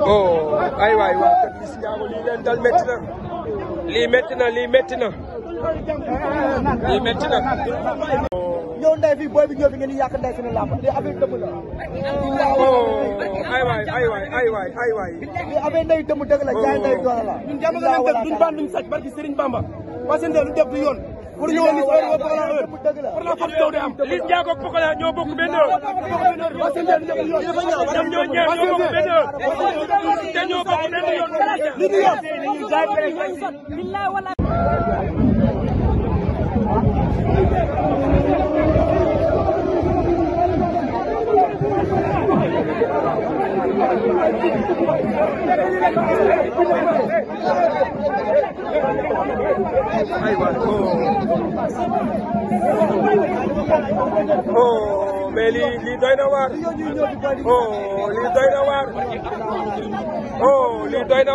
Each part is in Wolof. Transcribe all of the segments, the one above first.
oh ay waay waa kër Liss Ndiago lii leen dal métti na lii métti na lii métti na lii métti na. ñëw ndey fii booy bi ñëw fi ngeen di yàq ndey suñu làmb lii affaire dëmm la. oh ay waay ay waay ay waay ay waay. lii affaire ndey dëmm dëgg la jaay ndey doole la. ñun jàmm nga leen def duñ baan duñ sàcc barki Serigne Bamba. parce que lu def du yoon. pour ñu woon heure par la heure par la force daw day am. Liss Ndiago ak Pokola ñoo bokk benn heure. ñoom ñoo ñaar ñoo bokk benn heure. te ñoo bokk benn yoon. li ñu yor. oh mais lii lii doy na waar oh lii doy na waar oh lii doy na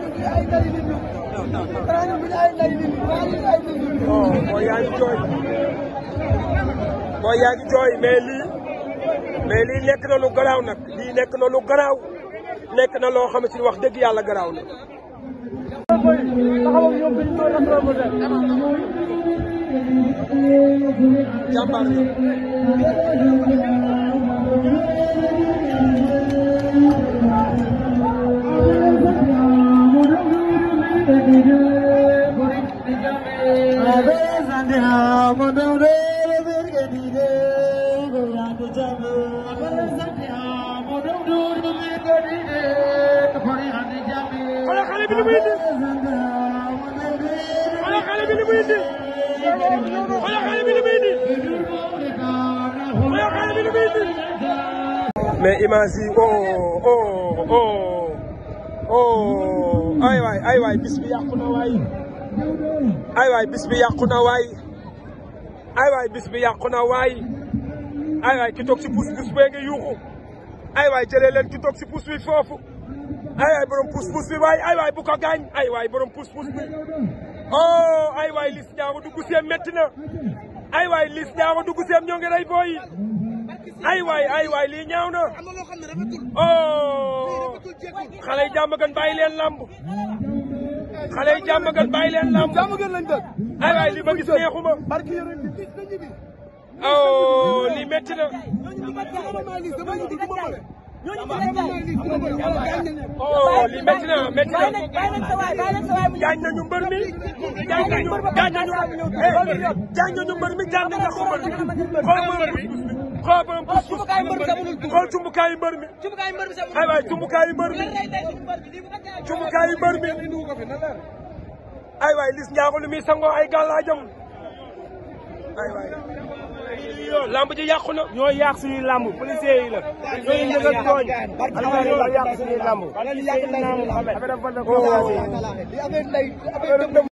booy yaa ngi jooy booy yaa ngi nekk na nag lii nekk na lu garaaw nekk loo xamante ni wax dëgg yàlla garaaw na. ya ko daure bir gadide gora ko jabu bala zakya ko daure bir gadide ko fari hande jabe ala khale bi lumu indi ala khale bi lumu indi ala khale bi lumu indi ala khale bi lumu indi mais image yi oh oh oh oh ay waay ay waay bis bi yàqu na waay ay waay bis bi yàqu na waay ay waay bis bi yàqu na waay ay waay ki toog si pousse pousse yuuxu ay waay jëlee leen si pousse foofu ay waay borom pousse pousse bi ay waay bu ko gaañ ay waay borom pousse pousse oh, ay waay Liss Ndiago dugg seem métti na ay waay Liss Ndiago dugg seem ñoo ngi yi ay waay ay na oh xale yi gan bàyyi leen lamb xale yi jàmm gan bàyyi leen lamb jàmm gan lañ dëkk ay waay li ma gis neexuma barki yore oh, li metti na oh li métti na métti na gaañ nañu mbër mi gaañ nañu gaañ eh, mbër mi gaañ nañu mbër mi xool mbër mi xool borom pousse mbër mi ay waay mbër mi cumbukaayu mbër mi ay waay ay gàllaajam ay lamb ji yàqu na ñoo yàq suñuy lamb policiers yi la ñooy njëkk a tooñ alhamdulilah ñoo yàq suñuy lamb.